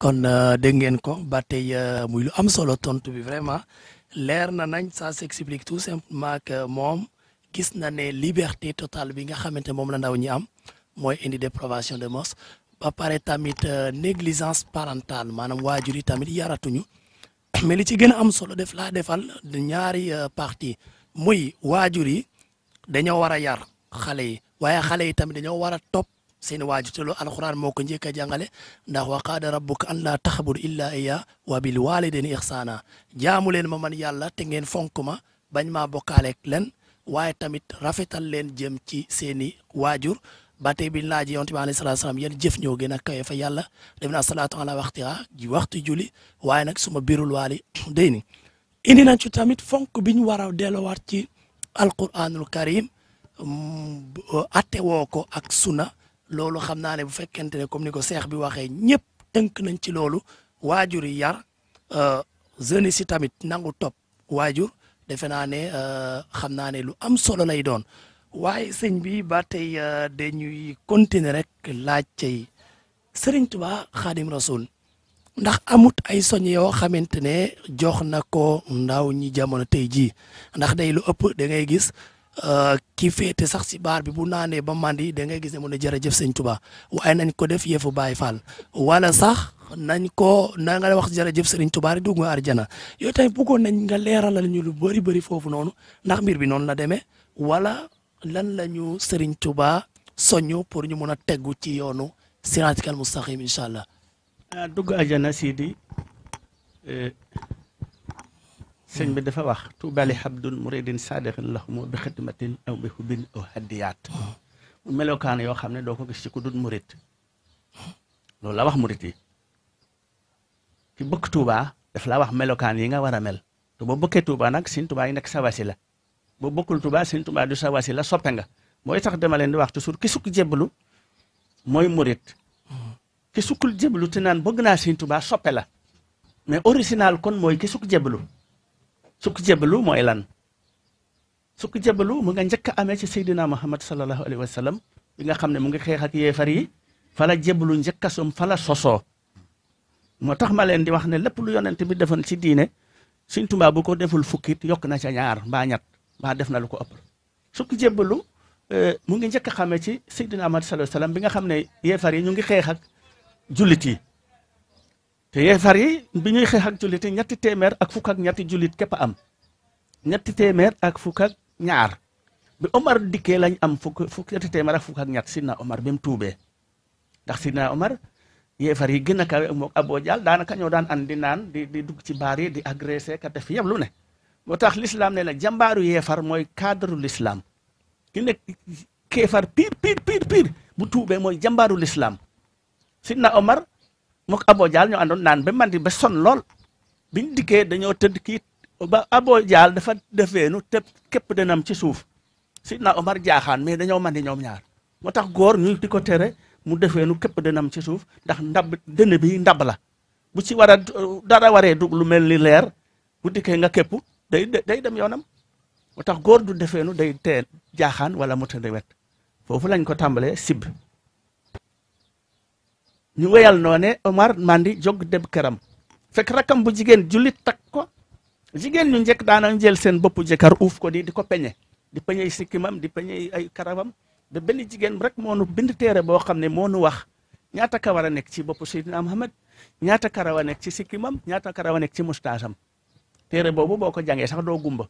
kon euh, dégg ngeen ko ba tey euh, muy lu am solo tontu bi vraiment leer na nañ ça s'explique tout simplement que moom gis na ne liberté totale bi nga xamante moom la ndaw ñi am mooy indi dépravation de mœurs ba pare tamit euh, négligence parentale maanaam waajur yi tamit yaratuñu mais li ci gën a am solo def laa defal ñaari partie muy waajur yi dañoo war a yar xale yi waaye xale yi tamit dañoo war a topp seen waji te loolu alxuraan moo ko jangale eh. ndax wa qad rabbuka an la taxbudu illa iya wa bil waalidayni ihsana jamulen leen ma man yalla te ngeen bagn ma bokale len waye tamit rafetal len jëm ci seeni waajur ba tey bi laaj yonent sallallahu alayhi wasallam salaam yan jëf ñoo gën kay fa yalla salatu ala waqtiha ji waxtu juli waye nak suma birul wali day indi nañ ci tamit fonk biñ wara delo wat ci alquranul karim mm, atte woo ak sunna loolu xam naa ne bu fekkente ne comme ni ko seex bi waxee ñëpp tënk nañ ci loolu waajur yi yar euh, jeunes si tamit nangu top waajur defe naa ne euh, xam naa ne lu am solo lay doon waaye sëñ bi ba tey euh, ñuy continuer rek laaj tey Sëriñ Tuubaa Xaadim Rasul ndax amut ay soñ yoo xamante ne jox na ko ndaw ñi jamono tey jii ndax day lu ëpp da ngay gis. Euh, ki féete sax si baar bi bu naanee ba mandi da ngay gis ne mu ne jërëjëf sëñ Tuba waaye nañ ko def yëfu Baay Faal wala sax nañ ko na nga wax jërëjëf sëriñ Tuba rek dugg nga arjana yooyu tamit bëggoon nañ nga leeralal ñu lu bëri bëri foofu noonu ndax mbir bi noonu la demee wala lan la ñu sëriñ Tuba soñu pour ñu mun a tegu ci yoonu siraatal mustaqim incha allah. dugg arjana Sidi. Euh, sëñ bi dafa wax tuubali xabdun muridin saadiqin lahumu bi xidmatin aw bi hubin aw hadiyaat mu melokaan yoo xam ne doo ko gis ci ku dul murid loolu la wax murid yi ki bëgg tuuba daf laa wax melokaan yi nga war a mel te boo bëggee tuuba nag sëñ tuuba yi nekk sa wasi la boo bëggul tuuba sëñ tuuba du sa wasi la soppe nga mooy tax dama leen di wax toujours ki sukk jébbalu mooy murid ki sukkul jébbalu te naan bëgg naa sëñ tuuba soppe la mais original kon mooy ki sukk jébbalu Suku jabalu mo elan Suku jabalu mu nga njëkk ci sayyidina Muhammad sallallahu Alaihi Wasallam. bi nga xam ne mu ngi ak yeefar ya, yi fala jeblu njëkk sum fala soso motax tax ma leen di wax ne lepp lu yonent bi defoon ci bu ko deful fukit yok na ca ñaar ba ñat ba def na lu ko upp sukk jébbalu eh, mu ngi njëkk ci sayyidina Muhammad sallallahu Alaihi Wasallam. bi nga xam ne ñu ngi ak juliti te yeefar yi bi ñuy xeex ak julit ñetti ak fuk ak ñetti julit képp am ñetti témèr ak fuk ak ñaar bi Omar diké lañ am fuk fuk ñetti témèr ak fuk ak ñett sina Omar bim tuubé ndax sina Omar yeefar yi gëna kawe moog Abo Jaal daanaka ñoo daan andi naan di di dugg ci di agresser ka def yam lu ne motax l'islam ne la jàmbaaru yeefar moy cadre l'islam ki nek kefar pir pir pir pir bu tuubé moy jàmbaaru l'islam sina Omar. mook aboo jaal ñoo àndoon naan ba mandi ba son lool biñ dikkee dañoo tëdd kiit ba Abo Dial dafa defeenu te képp danam ci suuf Sidna Omar jaaxaan mais dañoo mandi ñoom ñaar moo tax góor ñu di ko tere mu defeenu képp danam ci suuf ndax ndab dënn bi ndab la bu ci war a dara waree dug lu mel ni leer bu dikkee nga képp day day dem yoonam moo tax góor du defeenu day teel jaaxaan wala mu tëdd wet foofu lañ ko tàmbalee sib ñu yal noone omar mandi jog deb këram fekk rakam bu jigen julit tak ko jigen ñu jek daana jël seen bop jekar uuf ko di diko ko di peñé sikimam di peñé ay karawam de ben jigen rek nu bind téré bo xamné ne nu wax ñaata kawar a nekk ci bop sayyidina muhammad ñaata karawa nek ci sikimam ñaata karawa nek ci mustajam téré bobu boko ko sax do gumba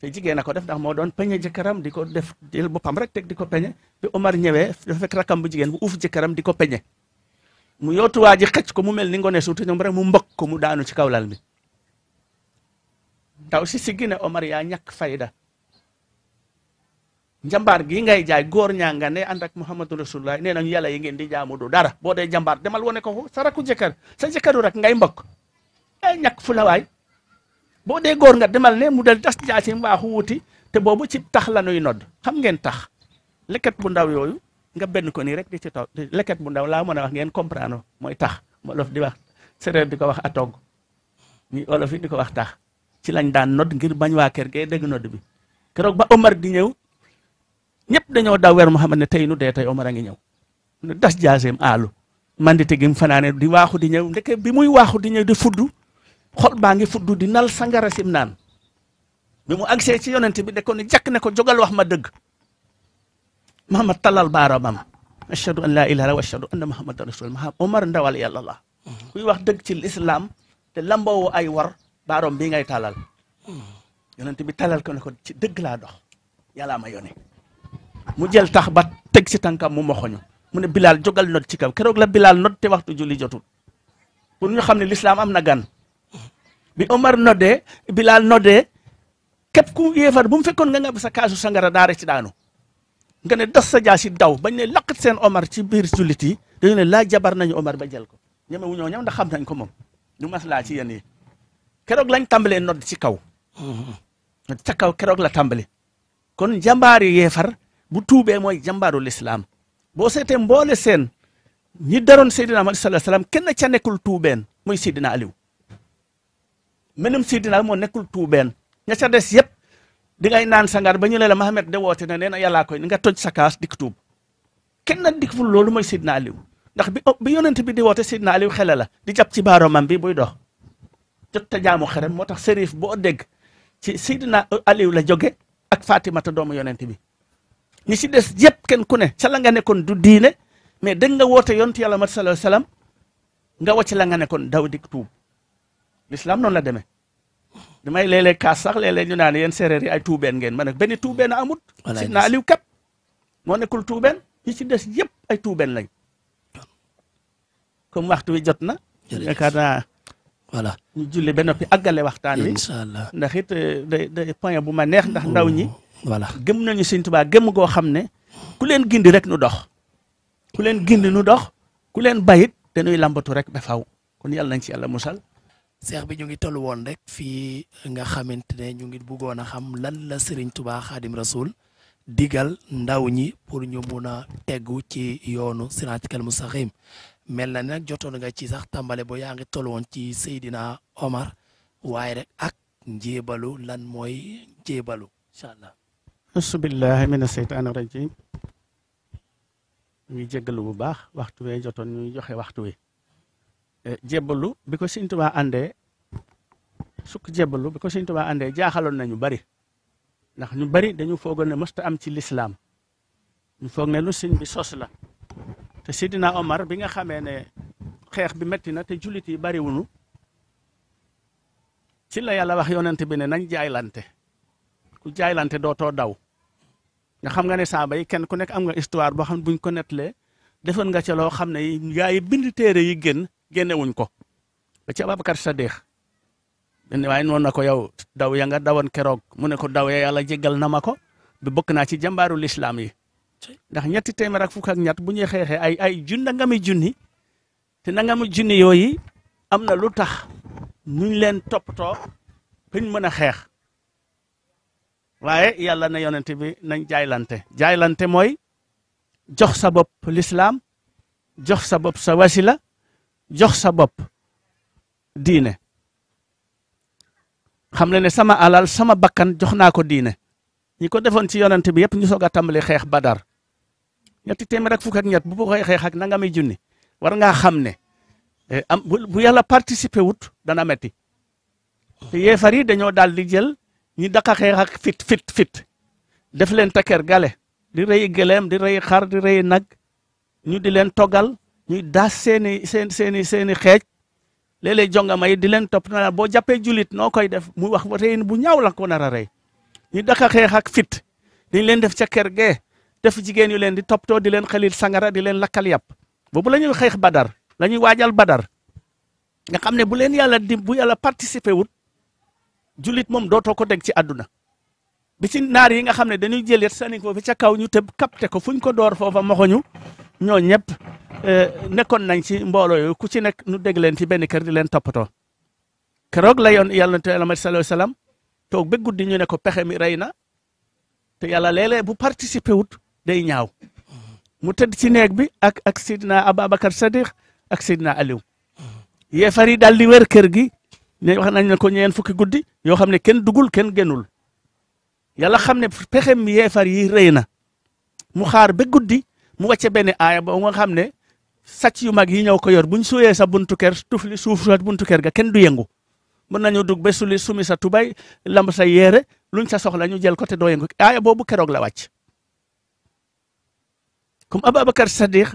fe jigen nako def ndax mo doon peñé jekaram di ko def jël bopam rek tek di ko bi Omar ñewé dafa fekk rakam bu jigen bu uuf jekaram di ko mu yootu waa ji xëcc ko mu mel ni ngone suutu ñoom rek mu mbëkk ko mu daanu ci kaw lal ndaw si si gine Omar yaa ñàkk fayda njambaar gii ngay jaay góor ñaa nga ne ànd ak Muhammadu Rasulullah nee nañu yàlla yi ngeen di jaamu du dara boo dee jambaar demal wone ko sa saraku jëkkër sa jëkkëru rek ngay mbokk ay ñakk fu waay boo dee góor nga demal ne mu del tas jaasi waaxu wuti te boobu ci tax la nuy nodd xam ngeen tax lekkat bu ndaw yooyu nga benn ko ni rek di ci toog leket bu ndaw laa mën a wax ngeen comprendre mooy tax olof di wax séeréer di ko wax atog togg ñi olof yi di ko wax tax ci lañ daan nodd ngir bañ waa ker gee dégg nodd bi keroog ba Omar di ñëw ñëpp dañoo daw wer Muhammad ne tey nu dee tey Omar a ngi ñëw das jazem aalu mandite gi mu fanaane di waaxu di ñëw ndeke bi muy waaxu di ñëw di fuddu xol baa ngi fuddu di nal sangara sim naan bi mu agsee ci yonent bi de ko jàkk ne ko jógal wax ma dëgg Muhammad tallal baaraamam ashadu an la ilaha illa wa anna muhammadar Rasul rasulullah Umar ndawal hmm. hmm. ya Allah. kuy wax deug ci l'islam te lambo ay war barom bi ngay talal yonent bi talal ko ne ko ci deug ya la dox yalla ma yone ya mu jël tax ba ci tankam mu moxoñu mu ne Bilal jogal not ci kaw kérok la Bilal not te waxtu julli jotul pour ñu xamni l'islam amna am gan hmm. bi Umar nodé Bilal nodé kep ku yéfar bu mu fekkon nga nga sa kaasu sangara daara ci daanu nga ne das sa jaasi daw bañ ne laqat seen Omar si biir jullit yi dañu ne laa jabar nañu Omar ba jël ko ñeme wu ñoo ñam ndax xam nañ ko moom du maslaa ci yéen yi keroog lañ tàmbalee nodd si kaw ca kaw keroog la tàmbali kon jàmbaar yee far bu tuubee mooy jàmbaaru lislaam boo seetee mboole seen ñi daroon Seydina Muhammad sallallahu alayhi wasallam kenn ca nekkul tuubeen muy Seydina Aliou menum Seydina moo nekkul tuubeen ña ca des yëpp di ngay naan sangaar ba ñu ne la Mahamed de woote ne nee na yàllaa koy nga toj sa kaas dikk tuub kenn nag dikkful loolu mooy Sidna Aliou ndax bi bi yonent bi di woote Sidna Aliou la di jàpp ci baaromam bi buy dox jot ta jaamu xerem moo tax sérif boo dégg ci Sidna Aliou la jóge ak Fatimata doomu yonent bi ñi si des yëpp kenn ku ne ca la nga nekkoon du diine mais dégg nga woote yonent yàlla mat sallallahu alayhi wasallam nga wacc la nga nekkoon daw dikk tuub l'islam noonu la demee damay léeg-léeg kaas sax léeg-léeg ñu naan yéen séeréer yi ay tuubeen ngeen ma ne benn tuubeen amut. walaay Sidna Aliou képp moo nekkul tuubeen ñi ci des yëpp ay tuubeen lañ. comme waxtu wi jot na. yaakaar ñu julli ba noppi aggale waxtaan wi. incha allah ndax it euh, day day point bu ma neex ndax ndaw ñi. Oh, voilà gëm nañu Sëñ Tuubaa gëm goo xam ne ku leen gindi rek nu dox. ku leen gindi nu dox ku leen bayit dañuy lambatu rek ba faw kon yàlla nañ ci yàlla musal. seex bi ñu ngi tollu woon rek fii nga xamante ne ñu ngi bëggoon a xam lan la Serigne Touba Khadim Rasoul digal ndaw ñi pour ñu mun a tegu ci yoonu siraatal mustaqiim mel na nag jotoon nga ci sax tàmbale bo yaa ngi tollu woon ci Seydina Omar waaye rek ak njébalu lan mooy njébalu incha allah. asubillahi mina seytaani rajim ñuy jéggalu bu baax waxtu wee jotoon ñuy joxe waxtu wi Eh, jébbalu bi ko Sëñ Tuubaa àndee sukk jébbalu bi ko Sëñ àndee jaaxaloon na ñu bari ndax ñu bari dañu foogoon ne mësta am ci lislaam ñu foog ne lu sëñ bi sos la te Sidina Omar bi nga xamee ne xeex bi metti na te jullit yi bari ci la yàlla wax yoonante bi ne nañ jaaylante ku jaaylante dootoo daw nga xam nga ne saaba yi kenn ku nekk am nga histoire boo xam ne buñ ko nettalee defoon nga ca loo xam ne yaa yi bind téere yi gën génnewuñ ko ba ci Ababacar Sadikh waaye noonu na ko yow daw ya nga dawoon keroog mu ne ko daw ya yàlla jéggal na ma ko bi bokk naa ci jàmbaaru lislaam yi ndax ñetti téeméer ak fukk ak ñett bu ñuy xeexee ay ay jun nangami junni te nangami junni yooyu am na lu tax nuñ leen toppatoo bañ mën a xeex waaye yàlla na yonent bi nañ jaaylante jaaylante mooy jox sa bopp jox sa bopp sa wasila jox sa dine, diine xam ne sama alal sama bakkan jox naa ko diine ñi ko defoon ci yonent bi yëpp ñu soog a tàmbali badar ñetti téeméer ak fukk ak ñett bu bu koy xeex ak nangamay junni war ngaa xam ne eh, am bu yàlla participer wut dana metti te yeefar yi dañoo daal di jël ñi daqa xeex ak fit fit fit def leen takker gale di rëy gëleem di xar di nag ñu di leen togal ñuy daas seen i seen seen i seen i xeej léeg-léeg jongama yi di leen topp na boo jàppee julit noo koy def mu wax ba reyin bu ñaaw la ko nar a rey ñu daka xeex ak fit dañ leen def ca kër gee def jigéen yu leen di toppatoo di leen xalil sangara di leen lakkal yàpp boobu la ñuy xeex badar la waajal badar nga xam ne bu leen yàlla di bu yàlla participer wut julit moom dootoo ko deg ci àdduna bi ci naar yi nga xam ne dañuy jël yet sànni ko ba ca kaw ñu tëb capté ko fuñ ko door foofa moxoñu ñoo ñëpp eh, nekkoon nañ ci mbooloo yooyu ku ci nekk nu dégg leen ci benn kër di leen toppatoo keroog la yoon yàlla na teel a sallallahu alayhi toog ba guddi ñu ne ko pexe mi rey na te yàlla léeg bu participer wut day ñaaw mu tëdd ci neeg bi ak ak sidna Ababacar Sadiq ak sidna Aliou yeefar yi daal di kër gi ne wax nañ ne ko ñeen fukki guddi yoo xam ne kenn dugul kenn génnul yàlla xam ne pexem yeefar yi rëy na mu xaar ba guddi mu wàcce benn aya ba nga xam ne sàcc yu mag yi ñëw ko yor buñ suyee sa buntu kër tufli suuf sa buntu ga ken du yëngu mën nañu dugg ba suli sumi sa tubay lamb sa yére luñ sa soxla ñu jël ko te doo yëngu aaya boobu keroog la wàcc comme Ababacar Sadiq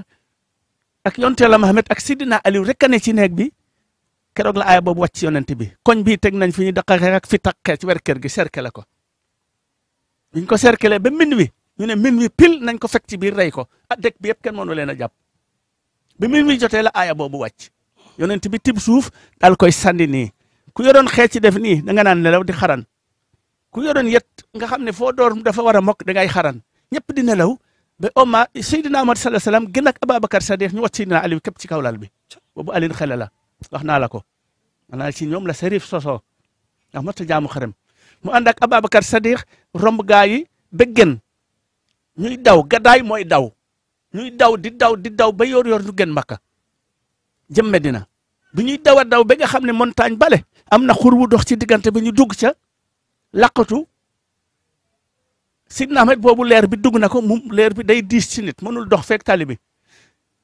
ak yonte la Mohamed ak Sidina ali rek a ne ci neeg bi la aya boobu wàcc yonent bi koñ bii teg nañ fi ñu daqaxee ak fi taqee ci wer ker gi cercle ko. buñ ko cercle ba min ñu ne min wi pil nañ ko fek ci biir rey ko a ah, dëkk bi yëpp kenn mënu leen a jàpp bi min wi jotee la aaya boobu wàcc yonent bi tib suuf daal koy sandi nii ku yoroon xeec ci def nii da nga naan nelaw di xaran ku yoroon yet nga xam ne foo door dafa war a mokk da ngay xaran ñëpp di nelaw ba oma Seydina Amad sallallahu alayhi wa sallam gën ak Ababacar Sadiq ñu wàcc Seydina Aliou képp ci kaw lal bi boobu Aliou xel la wax naa la ko maanaam ci ñoom la Serif sosoo ndax mot a jaamu mu ànd ak Ababacar Sadiq romb gaa yi bëggen ñuy daw gaddaay mooy daw ñuy daw di daw di daw ba yor yor du gën makka jëm Medina bu ñuy daw a daw ba nga xam ne montagne bale am na xur wu dox ci diggante bi ñu dugg ca laqatu Sidna Ahmed boobu leer bi dugg na ko mu leer bi day dis ci nit mënul dox fekk tali bi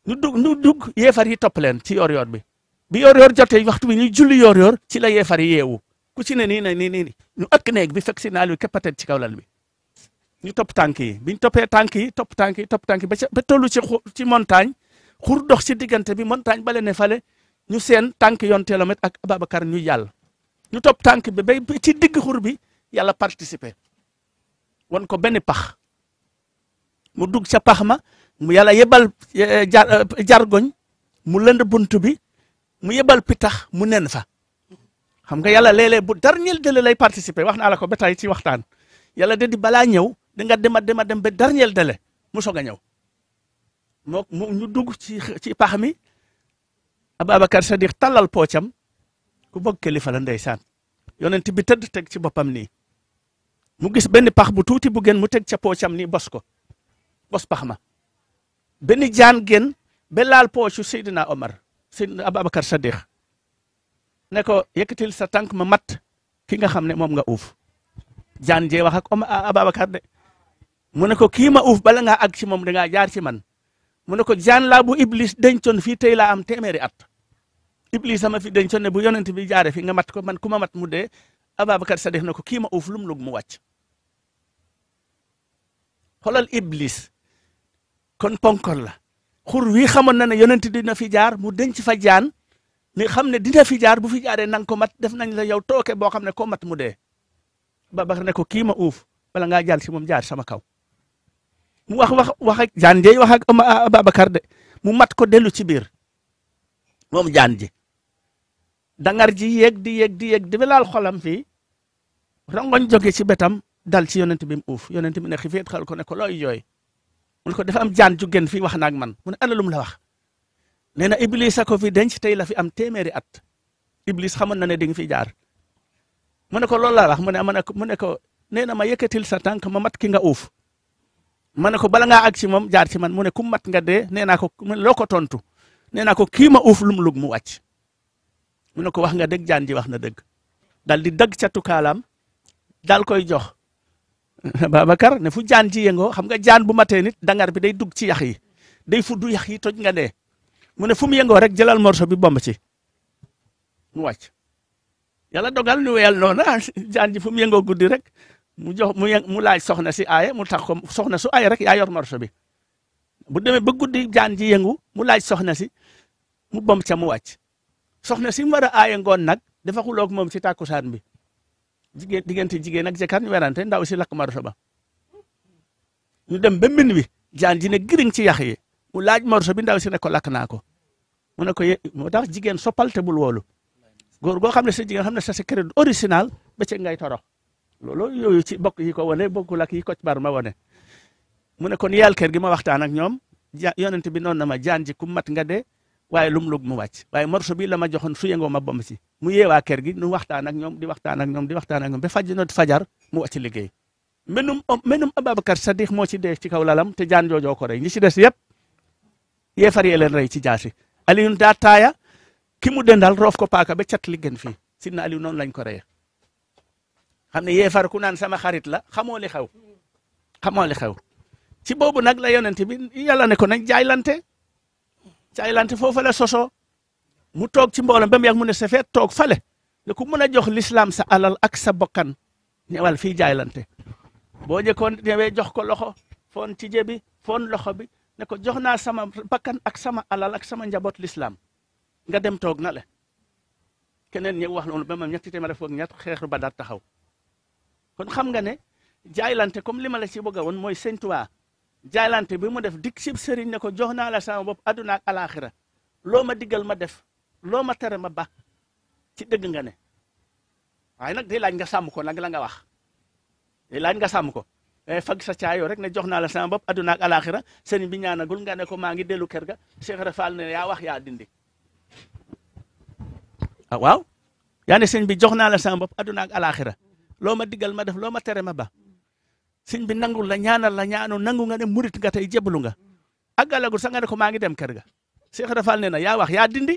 ñu dug ñu dugg yeefar yi topp leen ci yor yor bi bi yor yor jotee waxtu bi ñuy julli yor yor ci la yeefar yi yeewu ku ci ne nii na ni ni ñu ëkk neeg bi fekk si naal wi képp ci kaw lal mi ñu top tanki, biñ topé tanki, top tanki, top tanki. ba tollu ci ci montagne xur dox ci digënté bi montagne bale né falé ñu seen tànk yoon kilomètre ak ababakar ñu yall ñu top tanki bi bay ci digg xur bi yalla participer wan ko benn pax mu dugg ci pax ma mu yalla yebal eh, eh, jar eh, jargoñ mu lënd buntu bi mu yebal pitax mu nenn fa xam nga yalla lélé bu dernier délai lay participer waxna la ko bétay ci waxtaan yalla bala ñew da nga dem a dem a dem ba dernier délai mu soog a ñëw moo mu ñu dugg ci ci pax mi Ababacar Sadiq tallal poocam ku bëgg kilifa la ndeysaan yonent bi tëdd teg ci boppam ni mu gis benn pax bu tuuti bu gën mu teg ca poocam ni bos ko bos pax ma benn jaan gen ba laal poocu Seydina Omar Seydina Ababacar Sadiq ne ko yëkkatil sa tànk ma mat ki nga xam ne moom nga uuf jaan jee wax ak Omar Ababacar de mu ne ko kii ma uuf bala ngaa àgg ci moom dangaa jaar si man mu ne ko jaan laa bu Iblis dencoon fii tey laa am téeméeri at Iblis sama fi dencoon ne bu yonent bi jaare fi nga mat ko man ku ma mat mu dee Ababacar Sadiq ne ko kii ma uuf lum lug mu wàcc xoolal Iblis kon ponkol la xur wii xamoon na ne yonent dina fi jaar mu denc fa jaan ni xam ne dina fi jaar bu fi jaaree nan ko mat def nañ le yow tooke boo xam ne ko mat mu dee Ababacar ne ko kii ma uuf bala ngaa jàll si moom jaar sama kaw. mu wax wax wax ak jande wax ak Ababacar de mu mat ko delu ci bir mom jande dangar ji yéeg di yéeg di yéeg di ba xolam fi rongon joge ci betam dal ci yonent bi mu uf yonent bi ne xifet xal ko ne ko loy joy mu ko dafa am jande ju gen fi wax nak man mu ne ana la wax neena Iblis ko fi denc tay la fi am téeméeri at Iblis xamoon na ne di fi jaar mu ne ko lol la wax mu ne mu ne ko neena ma yeketil sa ma mat ki nga uf ma ne ko bala ngaa àgg ci moom jaar ci man mu ne ku mat nga dee nee naa ko loo ko tontu nee naa ko kii ma uuf lum lug mu wàcc mu ne ko wax nga dëgg jaan ji wax na dëgg dal di dëgg ca tukaalaam dal koy jox Babacar ne fu jaan ji yëngoo xam nga jaan bu mate nit dangar bi day dugg ci yax yi day fuddu yax yi toj nga dee mu ne fu mu yëngoo rek jëlal morso bi bomb ci mu wàcc yàlla dogal nu weyal noona ah, jaan ji fu yëngoo guddi rek mu jox mu mu laaj soxna si aaye mu tax ko soxna su aaye rek yaa yor morso bi bu demee ba guddi jaan ji yëngu mu laaj soxna si mu bom ca mu wàcc soxna si mu war a aaye ngoon nag dafa xuloog moom ci tàkkusaan bi jigéen diggante jigéen ak jëkkër ñu werante ndaw si lakk morso ba ñu dem ba min wi jaan ji ne giriñ ci yax yi mu laaj morso bi ndaw ne ko lak naa ko mu ne ko moo tax jigéen soppal te bul woolu góor goo xam ne sa jigéen xam ne sa secret original ba ci ngay toro loolu yooyu ci bokk yi ko wane bokkul ak yi Kocc Barma wane mu ne kon yàlla kër gi ma waxtaan ak ñoom ja yonent bi noonu na ma jaan ji ku mat nga de waaye lum lug mu wàcc waaye morso bi la ma joxoon su yëngoo ma bom si mu yewa kër gi nu waxtaan ak ñoom di waxtaan ak ñoom di waxtaan ak ñoom ba faj not fajar mu wàcc liggéey menum menum Ababacar Sadiq moo ci dee ci kaw lalam te jaan joojoo ko rey ñi ci des yëpp yeefar yee leen rey ci jaasi Aliou ta taaya ki mu dendal roof ko paaka be cat li gën fii sidna Aliou noonu lañ ko reyee xam ne yéefar ku naan sama xarit la xamoo li xew xamoo li xew ci boobu nag la yonent bi yàlla ne ko nañ jaaylante jaaylante foofa la sosoo mu toog ci mbooloo ba mu yàgg mu ne sa feet toog fale ne ku mën a jox lislaam sa alal ak sa bokkan ñëwal fii jaaylante boo njëkkoon ñëwee jox ko loxo foon ci jebi foon loxo bi ne ko jox naa sama bakkan ak sama alal ak sama njaboot lislaam nga dem toog na le keneen ñëw wax loolu ba ma ñetti téeméer foog ñett xeexu ba daal taxaw kon xam nga ne jaaylante comme li ma la ci bëgg woon mooy sëñ jaaylante bi mu def dik sib sëriñ ne ko jox naa la sama bopp aduna ak alaaxira loo ma diggal ma def loo ma tere ma ba ci dëgg nga ne waaye nag day laaj nga sàmm ko nag la nga wax day laaj nga sàmm ko eh, fag sa caayoo rek ne jox naa la sama bopp aduna ak alaaxira sëriñ bi ñaanagul nga ne ko maa ngi dellu kër ga Cheikh Rafal ne yaa wax yaa dindi ah waaw yaa ne sëriñ bi jox naa la sama bopp aduna ak alaaxira lo ma madah, ma def lo ma tere ma ba sëñ bi nangul la ñaanal la ñaanu nangu nga ne murit nga tay jeblu nga àggalagul sa nga ne ko maa ngi dem kër ga Seex Rafal na ya wax ya dindi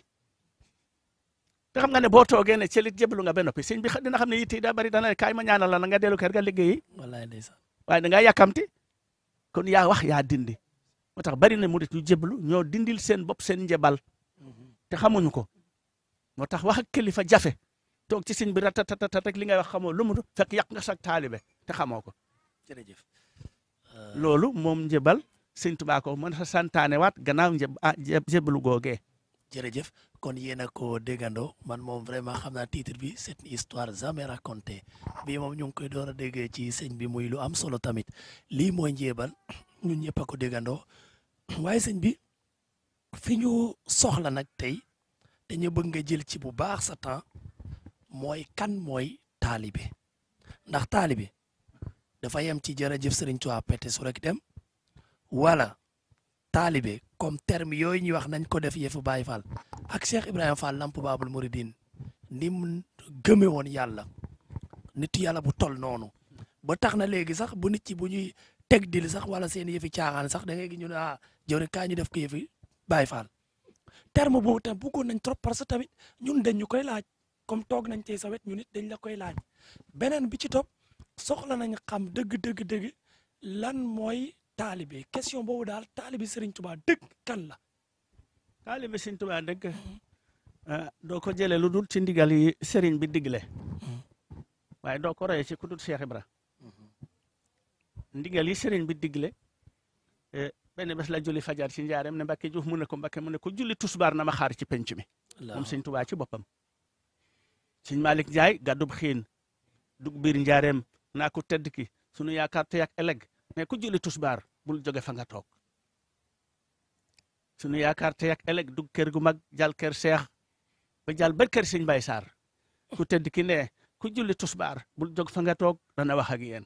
te xam nga ne bo toge ne celit jeblu nga ba noppi sëñ bi dina xam ne yitte daa bari dana kay ma ñaanal la nga delu kër ga liggéeyi wallaay ndeysaan waaye da nga yakamti kon ya wax ya dindi motax bari ne murit ñu jeblu ño dindil sen bop sen njebal mhm. te xamuñu ko motax wax ak jafe toog ci sëñ bi ratatatat rek li ngay wax xamoo lu mu fekk yàq nga sax taalibe te xamoo ko jërëjëf euh, loolu moom njëbal sëñ Tuubaa ko mën sa santaane waat gannaaw njëb ah njëbalu googee jërëjëf kon yéen a ko déggandoo man moom vraiment xam naa titre bi c'est une histoire jamais racontée bii moom ñu ngi koy door a déggee ci sëñ bi muy lu am solo tamit lii mooy njëbal ñun ñëpp a ko déggandoo waaye sëñ bi fi ñu soxla nag tey dañu bëgg nga jël ci bu baax sa temps mooy kan mooy taalibe ndax taalibe dafa yem ci jërëjëf Sëriñ Tuubaa pete su rek dem wala taalibe comme terme yooyu ñuy wax nañ ko def yëfu Baay Faal ak Cheikh Ibrahima Fall Lamp Baabul Mouridine ni mu gëme woon yàlla nit yàlla bu tol noonu ba tax na léegi sax bu nit ci bu ñuy teg dil sax wala seen yëfi caaxaan sax da ngay gi ñu ah jëwriñ kaa ñu def ko yëfi Baay Faal terme boobu tam bëggoon nañ trop parce tamit ñun dañ koy laaj comme toog nañ ci sa wet ñu nit dañ la koy laaj beneen bi ci topp soxla nañ xam dëgg dëgg dëgg lan mooy taalibe question boobu daal taalibe Serigne Touba dëgg kan la. taalibe Serigne Touba dëgg. Mm-hmm. Ah, doo ko jëlee lu dul ci ndigal yi Serigne bi digle. Mm-hmm. waaye doo ko royee ci ku dul mm-hmm. yi Serigne bi digle. Eh, benn bés la julli fajar ci njaareem ne Mbacke Diouf mu ne ko Mbacke mu ne ko julli tusbaar na ma xaar ci penc mi. moom Serigne Touba ci boppam. sëñ Malick Ndiaye gàddub xiin dug bir njaareem naa ko tedd ki sunu yaakaar tey ak ëllëg mais ku julli tusbaar bul jóge fa nga toog sunu yaakaar tey ak ëllëg dug kër gu mag jàll kër seex ba jàll ba kër sëñ Mbay Sarr ku tedd ki ne ku julli tusbaar bul jóg fa nga toog dana wax ak yéen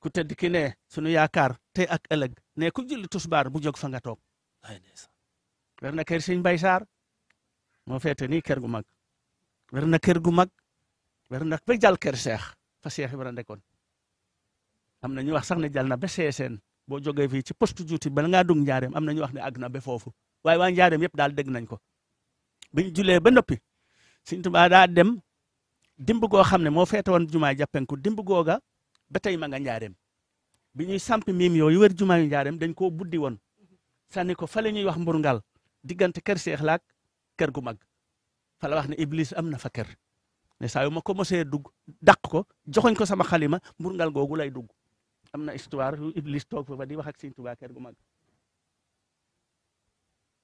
ku tedd ki ne sunu yaakaar te ak ëllëg ne ku julli tusbaar bu jóg fa nga toog. weer na kër sëñ Mbay Sarr moo féete ni kër gu mag. wer na kër gu mag wer na ba jàll kër seex fa seex Ibra nekkoon am na ñu wax sax ne jal na ba seeseen boo jógee fii ci poste juuti bala ngaa dugg njaareem am na ñu wax ne àgg na ba foofu waaye waa njaareem yëpp daal dégg nañ ko biñ julee ba noppi Sëñ Tuubaa daa dem dimb goo xam ne moo feete woon jumaay jàppenku dimb googa ba tey ma nga njaareem bi ñuy sampi miim yooyu wër jumaayu njaareem dañ koo buddi woon sànni ko fa la ñuy wax mburngal diggante kër seex laak kër gu mag fa la wax ne iblis amna na fa ne saa yu ma ko dugg dàq ko joxoñ ko sama xalima ngal googu lay dugg am histoire yu iblis toog fa di wax ak Sëñ Yap ker gu mag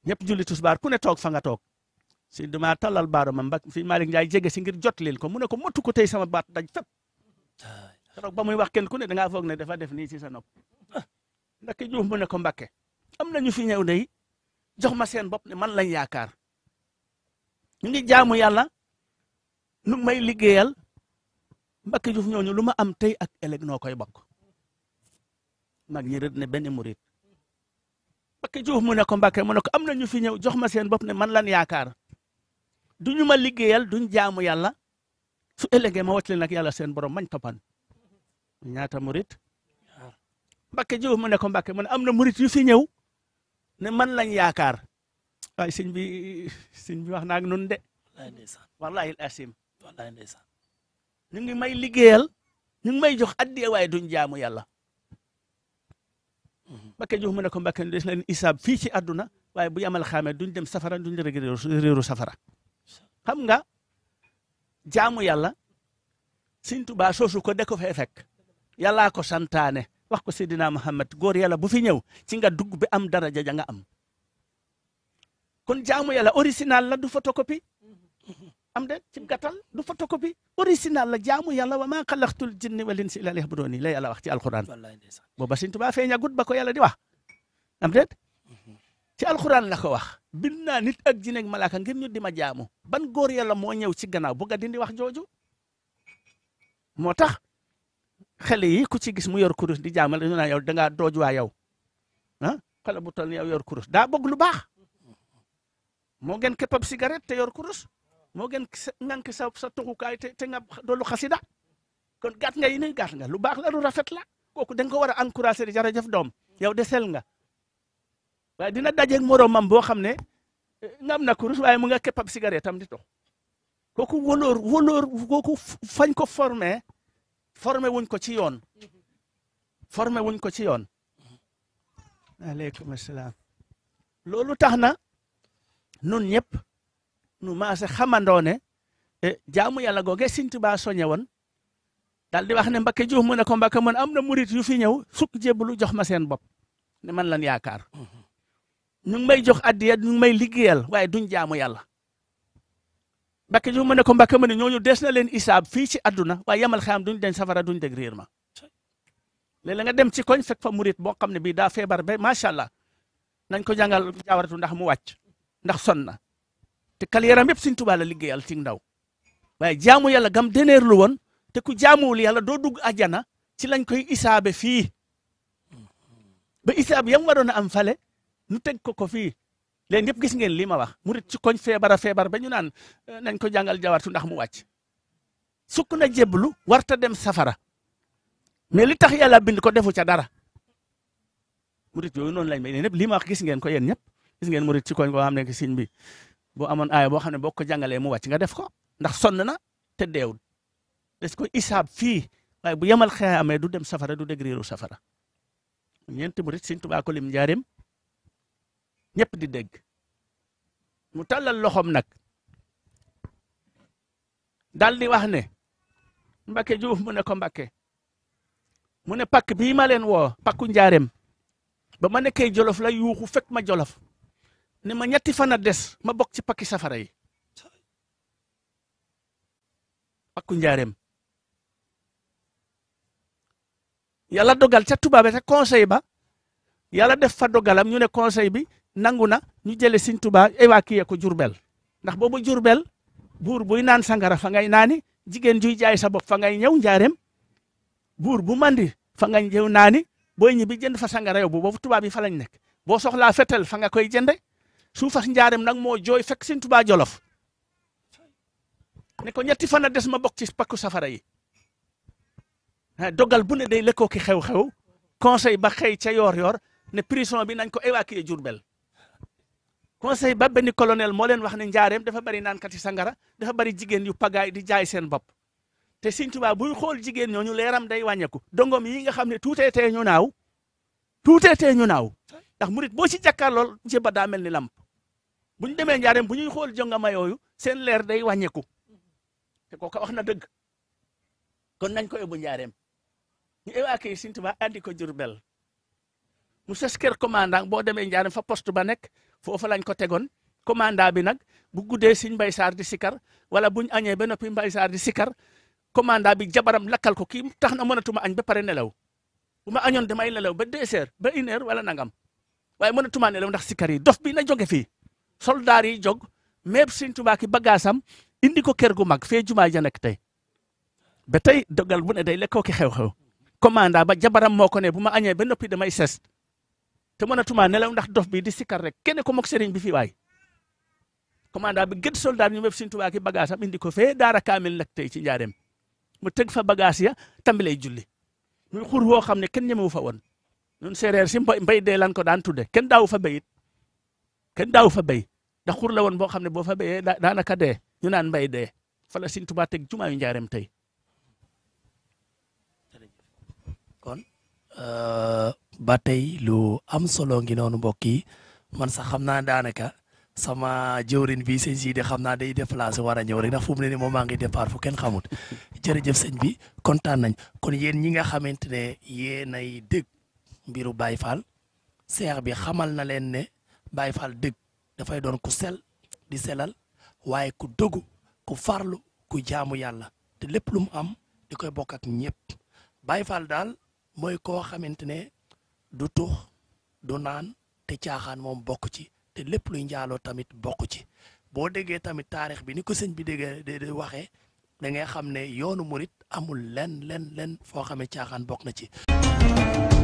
ñëpp julli tisbaar ku ne toog fa nga toog si dama mbak fi malik jege si ngir jot lil ko mu ne ko motu ko tey sama baat daj fep keroog ba muy wax kenn ku ne dangaa foog ne dafa def nii si sa nopp ndax ki juum mu ne ko Mbakke am ñu fi ñëw yi jox ma seen bopp ne man lañ yaakaar ñu ngi jaamu yàlla lu may liggéeyal Mbacke Diouf ñooñu lu ma am tey ak ëllëg noo koy bokk mag ñi rëdd ne benn murit Mbacke Diouf mu ne ko Mbacke mu ne ko am na ñu fi ñëw jox ma seen bopp ne man lan yaakaar duñu ma liggéeyal duñ jaamu yàlla su ëllëgee ma wàcc leen ak yàlla seen borom mañ toppan ñaata murit Mbacke Diouf mu ne ko Mbacke mu ne am na murit yu fi ñëw ne man lañ yaakaar. waaye sëñ bi sëñ bi wax naag nun de wallaay ñu ngi may liggéeyal ñu may jox addiya waaye duñ jaamu yàlla mhm. Mbakke Juuf mu ne ko Mbakke des na leen isaab fii ci àdduna waaye bu yamal xaamee duñ dem safara duñ réeru safara xam nga jaamu yàlla sëñ Tuubaa soosu ko de ko fee fekk yàllaa ko santaane wax ko Seydina Muhammad góor yàlla bu fi ñëw ci nga dugg bi am daraja ja nga am kon jaamu yalla original la du photocopie am de ci gatal du photocopie original la jaamu yalla wa ma khalaqtul jinni wal insa illa liyabuduni la yalla wax ci alquran booba Sëñ Tuubaa feeñagut ba ko yalla di wax am de ci alquran la ko wax binna nit ak jinne ak malaaka ngir ñu di jaamu ban góor yalla mo ñew ci gannaaw bu ga dindi wax joju motax xele yi ku ci gis mu yor kurus di jaamal ñu na yow nga dooj waa yow han ah, xale bu yow yor kurus da bëgg lu bax moo gën képp ab cigarette te yor kurus moo gën ngank sa sa tuxukaay te te nga doolu xasida kon gàtt nga yi nii gàtt nga lu baax la lu rafet la kooku da nga ko war a jara jërëjëf doom yow desel nga waaye dina dajeeg moromam boo xam ne eh, ngam na kurus waaye mu nga képp ab cigarette am di tox kooku wóoloor wóoloor kooku fañ ko formé formé wuñ ko ci yoon formé wuñ ko ci yoon. aleykum salaam. loolu tax na nun ñëpp nu maase xamandoo ne eh, jaamu yàlla googe Sëñ Tuubaa soñe woon daal di wax ne Mbakke Juuf mu ne ko Mbakke man am na murit yu fi ñëw sukk jébbalu jox ma seen bopp ne man lan yaakaar mm-hmm. ñu may jox addiya ñu ngi may liggéeyal waaye duñ jaamu yàlla Mbakke Juuf mu ne ko Mbakke mu ne ñooñu des na leen isaab fii ci àdduna waaye yamal xam duñ den safara duñ deg réer ma léeg nga dem ci koñ fekk fa murit boo xam ne bii daa feebar ba macha allah nañ ko jàngal jaawaratu ndax mu wàcc. ndax sonna te kal yaram yeb tu touba la al ci ndaw way jaamu yalla gam lu won te ku jaamuwul yalla do dug na, ci lañ koy isabe fi ba isabe yam warona am fale nu teg ko ko fi leen yëpp gis ngeen li ma wax murit ci koñ febara febar ba ñu naan eh, nañ ko jawar jawartu ndax mu wacc sukuna jeblu warta dem safara mais li tax yalla bind ko defu ca dara murit yooyu non lañ may leen lima li wax gis ngeen ko yéen ñep gis ngeen murit ci koñ koo xam ne sëñ bi boo amoon aaya boo xam ne boo ko jàngalee mu wàcc nga def ko ndax sonn na te deewul des ko isaab fii waaye bu yemal xëy amee du dem safara du dégriiru safara ñeenti murit sëñ Tuubaa ko lim njaareem ñëpp di dégg mu tàllal loxoom nag daal di wax ne mbake Diouf mu ne ko Mbacke mu ne pak bii ma leen woo pakku njaarem ba ma nekkee jolof la yuuxu fekk ma jolof ne ma ñetti fan a des ma bokk ci pakki safara yi ak njaareem yàlla dogal ca tubaabe ca conseil ba yàlla def fa dogalam ñu ne conseil bi nangu na ñu jële Sëñ Tuubaa évacuer ko Jurbel ndax boobu Jurbel buur buy naan sangara fa ngay naani jigéen juy jaay sa bopp fa ngay ñëw njaareem buur bu mandi fa ngay ñëw naani booy ñibbi jënd fa sangara yow bu boobu tubaab yi fa lañ nekk boo soxla fetel fa nga koy jënde suufas njaareem nag moo jooy fekk sëñ Jolof ne ko ñetti fan a des ma bokk ci pakku safara yi dogal bu ne dey lëkkoo ki xew-xew conseil ba xëy ca yoor yor ne prison bi nañ ko évacuer Jurbel conseil ba benn colonel moo leen wax ne njaareem dafa bari naankati sangara dafa bari jigéen yu pagaay di jaay seen bopp te sëñ Tuubaa buy xool jigéen ñooñu leeram day wàññeeku dongom yi nga xam ne tuutee tee ñu naaw tuutee te ñu naaw ndax murit boo ci jàkkaarlool jéba daa mel ni lamp bu ñu demee njaareem bu ñuy xool jongama yooyu seen leer day wàññeeku te kooka wax na dëgg kon nañ ko yóbbu njaareem ñu évacué Sëñ Tuubaa andi ko Jurbel mu ses kër commandant boo demee njaareem fa post ba nekk foofa lañ ko tegoon commandant bi nag bu guddee Sëñ Mbay Saar di sikar wala bu ñu añee ba noppi Mbay Saar di sikar commandant bi jabaram lakkal ko kii tax na mënatuma añ ba pare nelaw bu ma añoon damay nelaw ba deux heures ba une heure wala nangam waaye mënatuma nelaw ndax sikar yi dof bi na jóge fii soldaar yi jóg méeb Sëñ Tuubaa bagaasam indi ko kër gu mag fee jumaa ja nekk tey ba tey dogal bu ne day lekkoo ki xew-xew commanda ba jabaram moo ko ne bu ma añee ba noppi damay ses te mënatuma nelaw ndax dof bi di sikkar rek kenn ko mook sëriñ bi fi waay commanda bi gët soldaar ñu méeb Sëñ Tuubaa bagaasam indi ko fee daara kaamil nekk tey ci njaareem mu teg fa bagaas ya tambilay julli muy xur woo xam ne kenn ñemewu fa woon ñun séeréer si mbay dee lan ko daan tudde kenn daawu fa bayit kenn daaw fa bay da xur la woon boo xam ne boo fa béyee daanaka de ñu naan mbay dee fa la Sëriñ Tuubaa teg jumaa yu njaareem tey kon euh, ba tey lu am solo ngi noonu mbokk yi man sax xam naa daanaka sama jëwrin bi se si de xam naa day déplacé war a ñëw rek ndax fu moom maa ngi départ fu kenn xamut jërëjëf sëñ bi kontaan nañ kon yéen ñi nga xamante ne yéenay dégg mbiru Baye Fall seex bi xamal na leen ne Baye Fall dëgg dafay doon ku sel di selal waaye ku dogu ku farlu ku jaamu yàlla te lépp lu mu am di koy bokk ak ñépp Baye daal mooy koo xamante ne du tux du naan te caaxaan moom bokk ci te lépp luy njaaloo tamit bokk ci boo déggee tamit taarix bi ni ko sëñ bi déggee waxee da ngay xam ne yoonu murit amul lenn lenn lenn foo xamee caaxaan bokk na ci